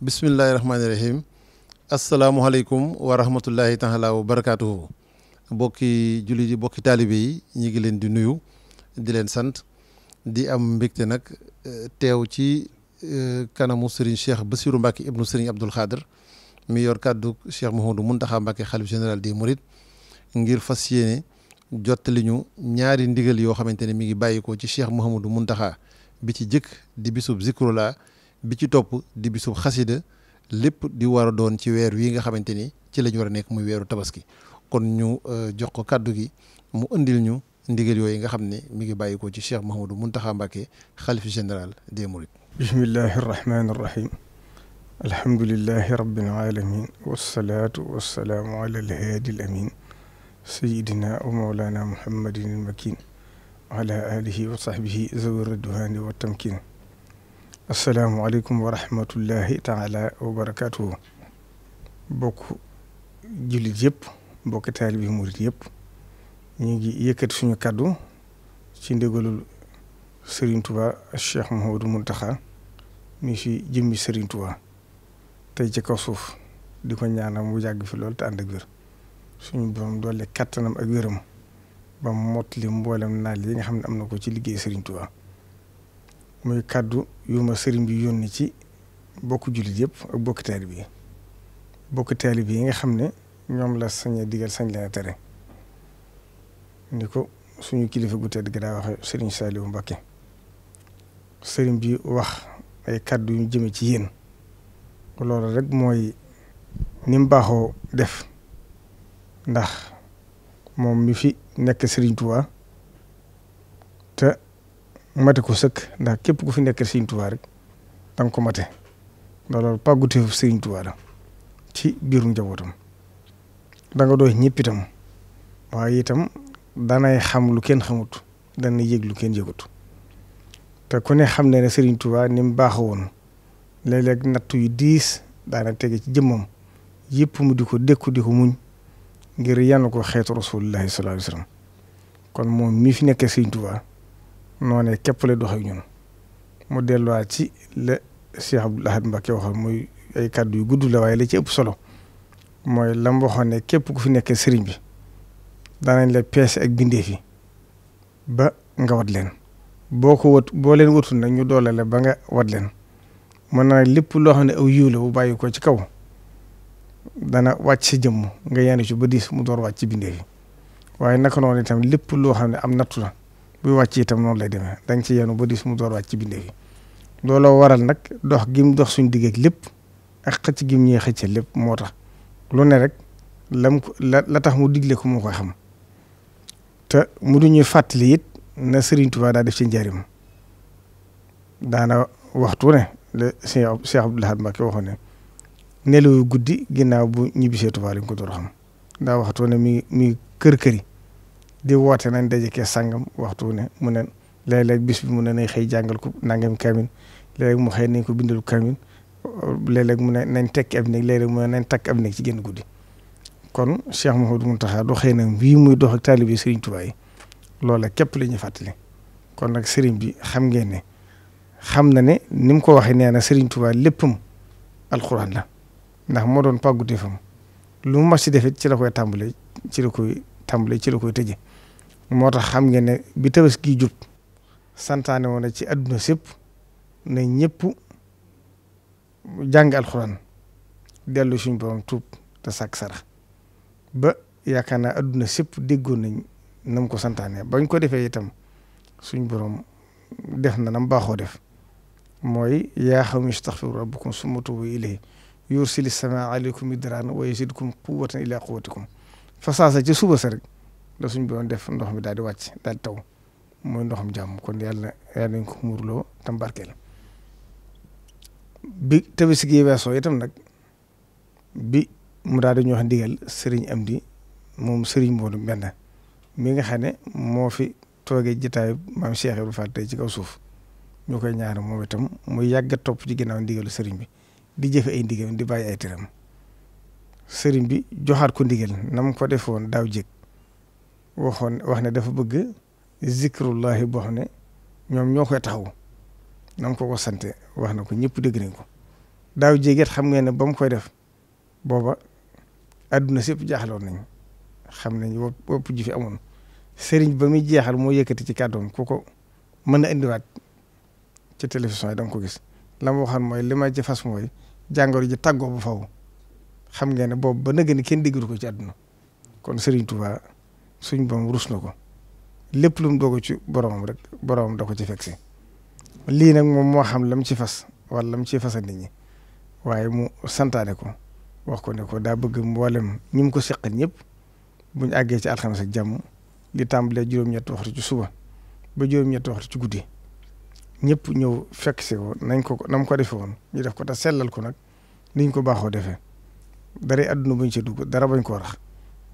bismillahi rahmaani rahim asalaamualeykum wa rahmatullahi taala wa bokki jullit yi bokki taalibe yi ñu ngi leen di nuyu di leen sant di am mbégte nag eh, teew ci eh, kanamu Serigne Cheikh Bassirou Mbacke ibnu Serigne Abdoul Khader mi yor kàddu Cheikh Mouhamadou Mountakha Mbacke xalif général di Mourides ngir fas yéene jottali ñu ñaari ndigal yoo xamante ne mi ngi bàyyi ci Cheikh Mouhamadou Mountakha bi ci jëkk di bisub zikrullah bi ci topp di bisub xasida lépp di war a doon ci weer wii nga xamante ni ci la war a nekk muy weeru tabaski kon ñu euh, jox ko kàddu gi mu indil ñu ndigal yooyu nga xam ne mi ngi bàyyi ko ci Cheikh Mouhamadou Mountakha Mbacké xalif général des mourides bismillahi arrahmani arrahim alhamdulilahi rabbil alamin wassalaatu wassalaamu ala alhaadi al amin sayidina wa mawlana muhammadin tamkin asalaamualeykum wa rahmatullahi taala wa barakaatu. bokk jullit yëpp bokk taalibi murit yëpp ñu ngi yëkkati suñu kàddu ci ndigalul Serigne Touba Cheikh Mouhamadou Mountakha mi fi jëmmi Serigne Touba tey ci kaw suuf di ko ñaanal mu jàgg fi lool te ànd ak wér suñu borom doole kattanam ak wéram ba mot li mboolem naal yi nga xam ne am na ko ci liggéey Serigne muy kàddu yu ma sëriñ bi yónni ci bokk jullit yëpp ak bokk taalibe yi bokk taalibe yi nga xam ne ñoom la sañ a digal sañ leen tere ni ko suñu kilifa gu tedd gi daa waxe sëriñ Saliou Mbacké sëriñ bi wax ay kàddu yu jëme ci yéen loolu rek mooy ni mu baaxoo def ndax moom mi fi nekk sëriñ Tuubaa te mate ko sëkk ndax képp ku fi nekk Sëriñ Tuubaa rek da ko mate ndax loolu pàgguteefu Sëriñ Tuubaa la ci biirum njabootam da nga doy ñëpp waaye itam danay xam lu kenn xamut dana yëg lu kenn yëgut te ku ne xam ne ne Sëriñ Tuubaa ni mu woon léeg nattu natt yu diis daana tege ci jëmmam yëpp mu di ko dékku di ko muñ ngir yàlla ko xeetu rasulillahi sallallahu alayhi wasallam kon moom mii fi nekkee Sëriñ Tuubaa noonee képp lay dox ak ñun mu delluwaat ci la Cheikh Abdoul Ahad Mbacké waxoon muy ay kàddu yu gudd la waaye la ci ëpp solo mooy lam waxoon ne képp ku fi nekkee sëriñ bi daanañ la peese ak bindee fi ba nga wat leen boo ko wat boo leen watul nag ñu doole la ba nga wat leen mën na lépp loo xam ne aw yiw la bu bàyyi ko ci kaw dana wàcc sa jëmm nga yaanu ci ba diis mu door wàcc ci bindee fi waaye naka noonu itam lépp loo xam ne am nattu la buy wàcc tam noonu lay demee danga ci yenu ba su mu door wàcc ci bindee fi looloo waral nag dox gim dox suñ digg lépp ak xëcc gim ñee xëcce lépp moo tax lu ne rek lam la la tax mu digle ko mu koy xam te mu du ñuy fàttali it na Serigne Touba daa def ci njaarim daana waxtu ne le Cheikh Abdoul Ahad Mbacké waxoon ne nelaw guddi ginnaaw bu ñibbisee tubaal lañ ko door xam ndaa waxtu ne mi mi kër këri di woote nañ daje kee sangam waxtu wu ne mu ne léeg-léeg bis bi mu nañ xëy jàngal ko nangam kamin léeg mu xëy nañ ko bindal kamin léeg-léeg mu ne nañ tekki ab néeg léeg nañ takk ab néeg ci génn guddi kon Cheikh Mouhamadou Mountakha doxee na bii muy dox ak taalibe Serigne Touba yi loola képp la ñuy fàttali kon nag Serigne bi xam ngeen ne xam na ne ni mu ko waxee nee na Serigne Touba léppam alxuraan la ndax moo doon pàggu defam lu mu mas ci defit ci ci la koy ci la koy moo tax xam ngeen ne bi tabaski jub santaane woon na ci adduna sépp na ñëpp jàng alxuraan dellu suñ borom tuub te sàkk sarax ba yaakaar naa adduna sépp déggoon nañ nam ko santaane bañ ko defee itam suñ borom def na nam baaxoo def mooy yaa xawmi istaxfiru rabbakum summa tuubu ilayhi yursili samaa aleykum midraaran wa yazidkum quwwatan ila quwwatikum fasaasa ci suba sa la suñ boon def ndox mi daal di wàcc daal taw mooy ndoxam jàmm kon yàlla ko muurloo tam barkeel bi Tabaski gi itam nag bi mu daal di ñoo xam ndigal Serigne Amdi moom Serigne Modou Mbenda mi nga xam ne moo fi toogee jotaayu maam Cheikh Ibrahima Fall ci kaw suuf ñu koy ñaar moom itam mu yàgg topp ci ginnaaw ndigalu sëriñ bi di jëfe ay ndigal di bàyyi ay sëriñ bi joxaat ko ndigal na mu ko defoon daaw jéeg. waxoon wax ne dafa bëgg zikrullahi boo xam ne ñoom ñoo koy taxaw na mu ko ko sante wax na ko ñëpp dégg nañ ko daaw jéeget xam ngeen ne ba mu koy def booba adduna sépp jaaxaloon nañ xam nañ wopp ji fi amoon sëriñ ba muy jeexal moo yëkkati ci kàddoom ku ko mën a indiwaat ci télévision da nga ko gis la ma waxoon mooy li ma ci fas mooy jàngoro ji tàggoo bu faw xam ngeen ne boobu ba nëgë kenn kenn déggu ko ci àdduna kon Serigne Touba. suñ borom rus na ko lépp lu mu doog ci boromam rek boromam da ko ci fekk si lii nag moom moo xam lam ci fas wala lam ci fasa nit ñi waaye mu santaane ko wax ko ne ko daa bëgg mboolem ñi mu ko seqal ñëpp buñ àggee ci alxames ak jàmm li tàmbalee juróom-ñetti ci suba ba juróom wax waxtu ci guddi ñëpp ñëw fekk si ko nañ ko na ko defee woon ñu def ko te sellal ko nag niñ ko baaxoo defee dara adduna buñ ci dugg dara bañ ko rax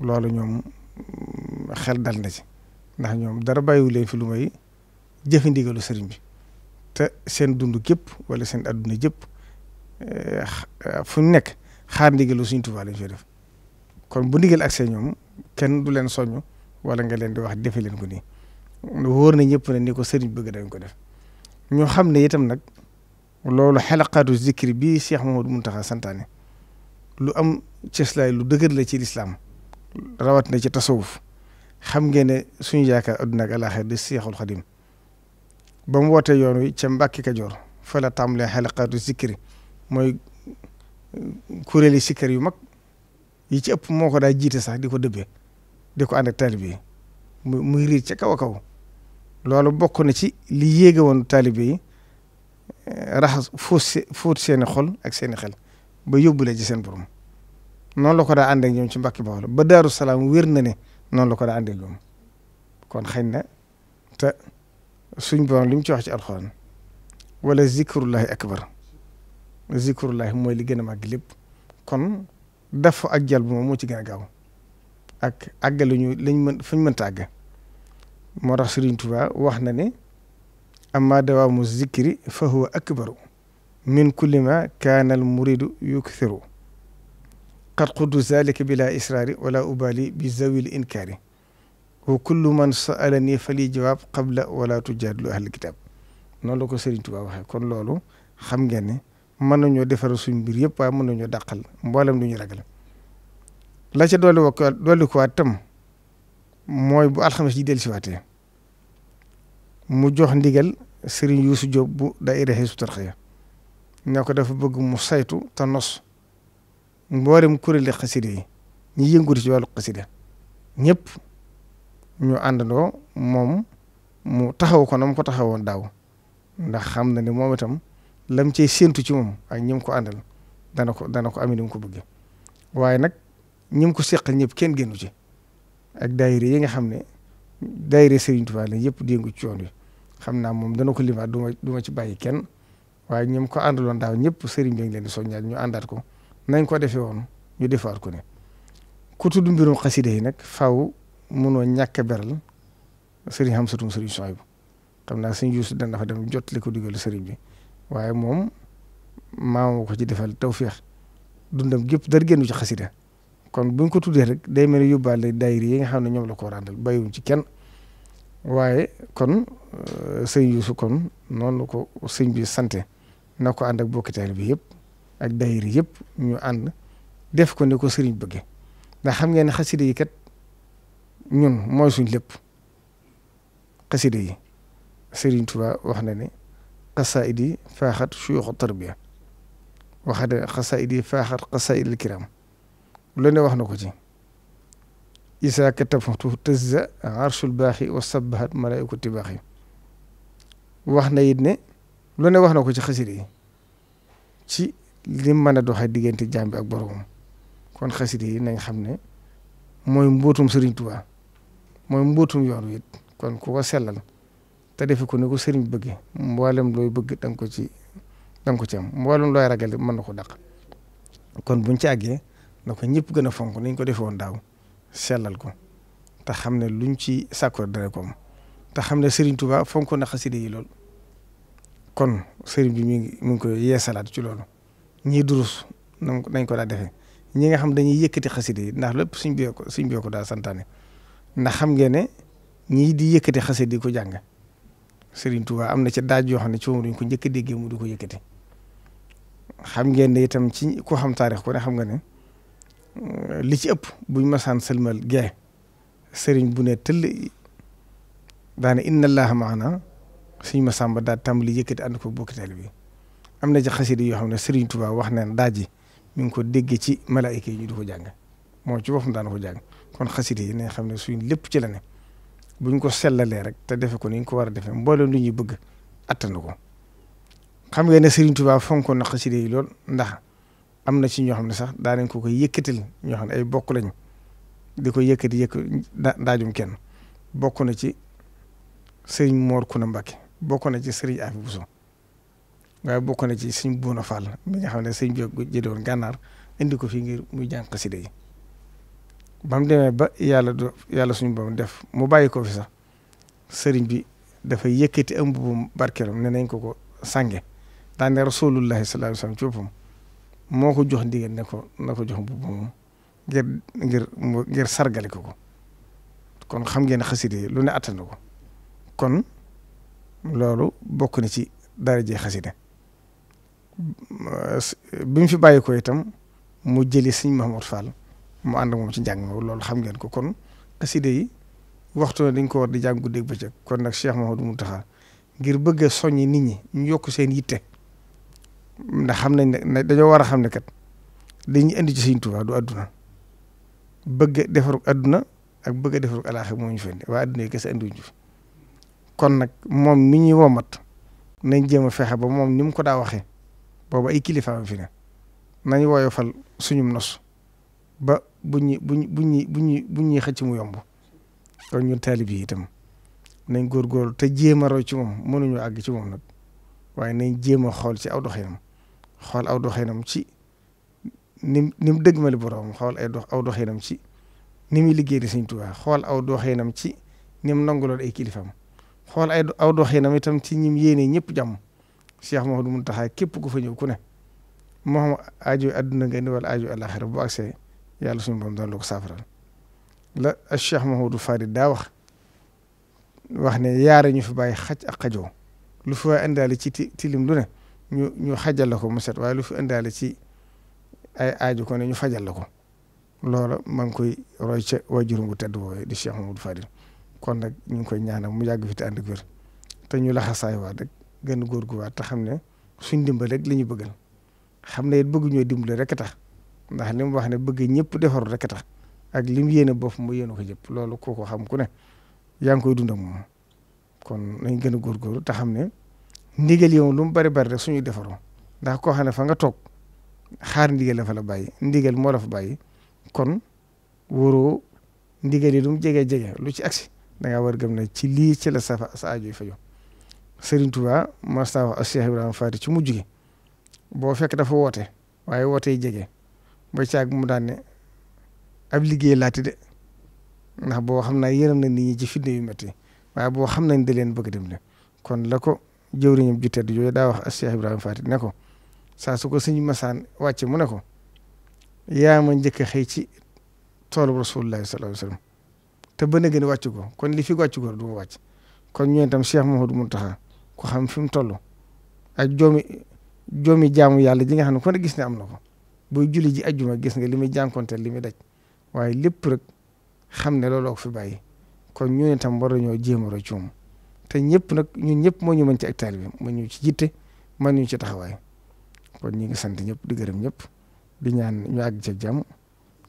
loolu ñoom. xel dal na ci ndax ñoom dara bàyyiwu leen fi lu may jëfe ndigalu sëriñ bi te seen dund gépp wala seen adduna jëpp eh, fu ñu nekk xaar ndigalu suñ Tuubaa lañ def kon bu ndigal ak seen ñoom kenn du leen soññ wala nga leen di wax defe leen ko nii wóor na ñëpp ne ni ko sëriñ bëgg dañ ko def ñoo xam ne itam nag loolu xelaqaatu zikri bii Cheikh tax a santaane lu am cëslaay lu dëgër la ci lislaam rawat na ci tasawuf xam ngeen ne suñu yaakaar adduna ak alaaxira di seexul xadim ba mu wootee yoon wi ca Mbàkke Kajoor fa la tàmbalee xalaqaatu sikkiri mooy kuréeli sikkar yu mag yi ci ëpp moo ko daa jiite sax di ko dëbbee di ko ànd ak taalibe yi riir ca kaw a kaw loolu bokk na ci li yéege woon taalibe yi eh, raxas fóot fóot seeni xol ak seeni xel ba yóbbule ci seen borom noon loo ko daa ànd ak ñoom ci Mbàkke Bawol ba Daaru Salaam wér na ne noonu la ko daa àndil moom kon xëy na te suñ borom li mu ci wax ci alxuraan wala zikrullahi akbar zikrullahi mooy li gën a màgg lépp kon def ak jal bu moom moo gaaw ak àggaluñu lañ mën fuñ mënta àgg moo tax Sëriñ Tuubaa wax na ne amma dawaamu zikri fa huwa akbaru min kulli ma kaana muridu yukthiru qad quddu zalika bila israari wala ubali bi zawil inkaari wa kullu man saalani fali jawaab qabla wala tujaadilu ahlal kitaab noonu la ko Serigne Touba waxee kon loolu xam ngeen ne mën nañoo defar suñ mbir yëpp waaye mën nañoo dàqal mboolem du ñu ragal la ca dolli ko dolli ko waat tam mooy bu alxames ji dellusiwaatee mu jox ndigal Serigne Youssou Diop bu daayira Hizbut Tarqiyyah ñoo ko dafa bëgg mu saytu te nos. mboolem kuréeli xasida yi ñi yëngu ci wàllu xasida ñëpp ñu àndandoo moom mu taxaw ko na ko taxaw taxawoon daaw ndax xam na ne moom itam lam cey séentu ci moom ak ñi ko àndal dana ko dana ko amee ni mu ko bëggee waaye nag ñi ko seqal ñëpp kenn génnu ci ak daayira yi nga xam ne daayira Serigne Touba la yëpp di yëngu ci yoon wi xam naa moom dana ko limaat du ma du ci bàyyi kenn waaye ñi mu ko àndaloon daaw ñëpp Serigne bi ngi so di ñu àndaat ko. nañ ko defee woon ñu defaat ko ne ku tudd mbirum xasida yi nag faaw munoo ñàkk a beral sëriñ am satum sëriñ Sohaybu xam naa suñ yuusu dan dafa dem jot li ko digal sëriñ bi waaye moom maamoo ko ci defal tawféex dundam gépp dara génnu ci xasida kon buñ ko tuddee rek day mel ni yóbbaale yi nga xam ne ñoom la ko ràndal bàyyiwuñ ci kenn waaye kon euh, sëñ yuusu kon noonu la ko sëñ bi sante na ko ànd ak bokkitaal bi yëpp ak daayira yëpp ñu ànd def ko ni ko sëriñ bëgge ndax xam ngeen ne xasida yi kat ñun mooy suñ lépp xasida yi sëriñ Tuubaa wax na ne xasaayid yi faaxat suyuxu tarbiya waxate xasaayid yi faaxat xasaayid al kiram lu ne wax na ko ci isa katafatu tëzza arshul baaxi wa sabbahat malaikatu baaxi wax na it ne lu ne wax na ko ci xasida yi li mën a doxee diggante jaam bi ak boroomam kon xasida yi nañ xam ne mooy mbootum Serigne Touba mooy mbootum yoon wi it kon ku ko sellal te defe ko ne ko sëriñ bi bëgge mboolem looy bëgg da nga ko ci da nga ko ci am mboolem looy ragal mën na ko daq kon buñ ci àggee na ko ñëpp gën a fonk nañ ko defe daaw sellal ko te xam ne luñ ci sàkku dara ko am te xam ne Serigne Touba fonko na xasida yi lool kon sëriñ bi mi ngi mi ngi koy yeesalaat ci loolu ñiy durus nañ ko daa defee ñi nga xam dañuy yëkkati xasida yi ndax lépp suñ bee ko suñ bee ko daa santaane ndax xam ngeen ne ñii di yëkkati xasida yi ko jàng Serigne Touba am na ci daaj yoo xam ne ci moom ko njëkk a déggee mu di ko yëkkati xam ngeen ne itam ci ku xam taarix ku ne xam nga ne li ci ëpp buñ masaan sëlmal gee sëriñ bu ne tëll daane inna allaha maana suñ masamba daa li yëkkati ànd ko bokkital bi am na ci xasida yoo xam ne Serigne Touba wax na daaji mi ngi ko déggee ci malaayika yi ñu di ko jàng moo ci boppam daan ko jàng kon xasida yi nañ xam ne suñ lépp ci la ne buñ ko sellalee rek te defe ko ni ko war a defee mboolem lu ñuy bëgg attan ko xam ngeen ne Serigne Touba fonkoon na xasida yi lool ndax am na ci ñoo xam ne sax daanañ ko koy ñoo xam ne ay bokk lañ di ko yëkkati yëkk daajum kenn bokk na ci Serigne Mor Kuna Mbacke na ci Serigne Afy Bousso waaye bokkone ci sëñ Bouna Fall mi nga xam ne sëñ bi jëlee woon gànnaar indi ko fii ngir muy jàng xasida yi ba demee ba yàlla do yàlla suñu boom def mu bàyyi ko fi sax sëriñ bi dafay yëkkati am mbubbum barkeelam ne nañ ko ko sànge daane rasulullahi sallallahu alayhi wasallam ci boppam moo ko jox ndigal ne ko na ko jox mbubbum moom ngir sargale ko ko kon xam ngeen xasida yi lu ne attan ko kon loolu bokk na ci daraje xasida bi mu fi bàyyi ko itam mu jëli sëñ Mahmoud Fall mu ànd moom ci njàng mi loolu xam ngeen ko kon xaside yi waxtu na dañ ko war di jàng guddeeg bëccëg kon nag Cheikh Mahmoud Mountakha ngir bëgg a soññi nit ñi ñu yokk seen yitte ndax xam nañ ne dañoo war a xam ne kat dañuy indi ci sëñ Tuubaa du àdduna bëgg defaru àdduna ak bëgg defarug alaaxira moo ñu fenn waa àdduna yi kese andiwuñu kon nag moom mi ñuy womat nañ jéem a fexe ba moom ni mu ko daa waxee. boobu ay kilifaam fi ne nañu woyofal suñum nos ba bu ñu bu ñu bu ñu bu ñu bu ñuy xëcc mu yomb kon ñun taalib yi itam nañ góorgóorlu te jéem a roy ci moom mënuñu àgg ci moom nag waaye nañ jéem a xool ci aw doxinam xool aw doxinam ci ni ni mu dëgmale borom xool ay dox aw doxinam ci ni muy liggéey di xool aw doxinam ci ni mu ay kilifaam xool ay aw doxinam itam ci ñim yéene ñëpp jàmm. Cheikh Mouhamadou Mountakha képp ku fa ñëw ku ne moo xam aajo adduna nga wal wala aajo alaxira bu agsee yàlla suñu borom dana la ko saafaral la Cheikh Mouhamadou Fadi daa wax wax ne yaara ñu fi bàyyi xaj ak xajoo lu fi waay indaale ci tilim lu ne ñu ñu la ko mu set waaye lu fi indaale ci ay aajo ko ne ñu fajal la ko loola maa ngi koy roy ca waajuram bu tedd woowee di Cheikh Mouhamadou Fadi kon nag ñu ngi koy ñaana mu yàgg fi te ànd ak ñu te ñu waa waat gën a góorgóorluwaat te xam ne suñ dimbal rek la ñu bëggal xam ne it bëgg ñoo dimbale rek a tax ndax li mu wax ne bëgg ñëpp defaru rek tax ak lim yéene bopp mu yéene ko jëpp loolu kooku xam ku ne yaa ngi koy dund ak kon nañ gën a góorgóorlu te xam ne ndigal yow lu mu bari bari rek suñuy defaroo ndax koo xam ne fa nga toog xaar ndigal la fa la bàyyi ndigal moo la fa bàyyi kon wóoroo ndigal yi lu mu jege jege lu ci agsi da ngaa war gëm ne ci lii ci la sa sa aajo yi Serigne Touba mas naa wax ak Cheikh Ibrahima Fati ci mujj gi boo fekk dafa woote waaye woote yi jege ba caag mu daan ne ab liggéey laati de ndax boo xam naa yërëm na nit ñi ci fitne yu métti waaye boo xam nañ da leen bëgg dem ne kon la ko jëwriñam ju du yooyu daa wax ak Cheikh Ibrahima Fati ne ko saa su ko suñu masaan wàcce mu ne ko yaa ma njëkk a xëy ci toolu rasulullahi sallallahu alayhi wasallam te ba na wàcc ko kon li fi wàcc ko du ma wàcc kon ñooñu itam Cheikh Mouhamadou Mountakha ku xam fi mu toll ak joomi joomi jaamu yàlla ji nga xam ne kon gis ne am na ko booy julli ji ajjuma gis nga li muy jànkonteel li muy daj waaye lépp rek xam ne looloo ko fi bàyyi kon ñu ne tam war nañoo jéem a ñëpp nag ñun ñëpp moo ñu mën ci hectare bi mën ñu ci jitte mën ñu ci taxawaay kon ñu ngi sant ñëpp di gërëm ñëpp di ñaan ñu àgg ci jàmm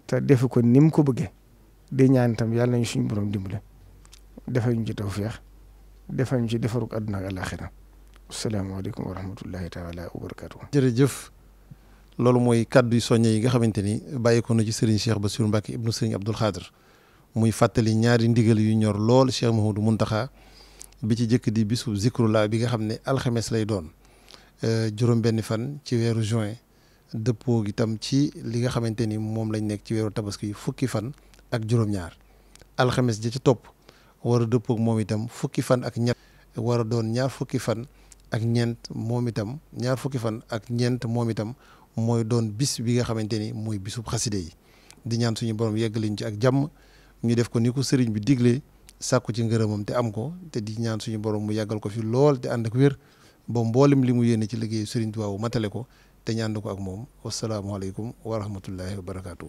te defe ko ni mu ko bëggee di ñaan tam yàlla nañu suñu borom dimbale defal ñu ci tawfeex defal ñu ci defarug àdduna ak àllaaxira asalaamaaleykum wa rahmatullahi taala wa barakaatu. jërëjëf loolu mooy kàddu yu soññe yi nga xamante ni bàyyeekoo na ci Serigne Cheikh Bassirou Mbacke ibnu Serigne Abdoul Khadir muy fàttali ñaari ndigal yu ñor lool Cheikh Mouhamadou Mountakha bi ci jëkk di bisu zikrullah bi nga xam ne alxames lay doon euh, juróom-benni fan ci weeru join dëppoo itam ci li nga xamante ni moom lañ nekk ci weeru tabaski fukki fan ak juróom-ñaar alxames ji ci topp. war a dëppook moom itam fukki fan ak ñett war doon ñaar fukki fan ak ñeent moom itam ñaar fukki fan ak ñeent moom itam mooy doon bis bi nga xamante ni mooy bisub xaside yi di ñaan suñu borom yegg liñ ci ak jàmm ñu def ko ni ko sëriñ bi digle sàkku ci ngërëmam te am ko te di ñaan suñu borom mu yàggal ko fi lool te ànd ak wér ba mboolem li mu yéene ci liggéey sëriñ Tuubaa matale ko te ñu ànd ko ak moom wasalaamualeykum wa rahmatullahi wa barakaatu.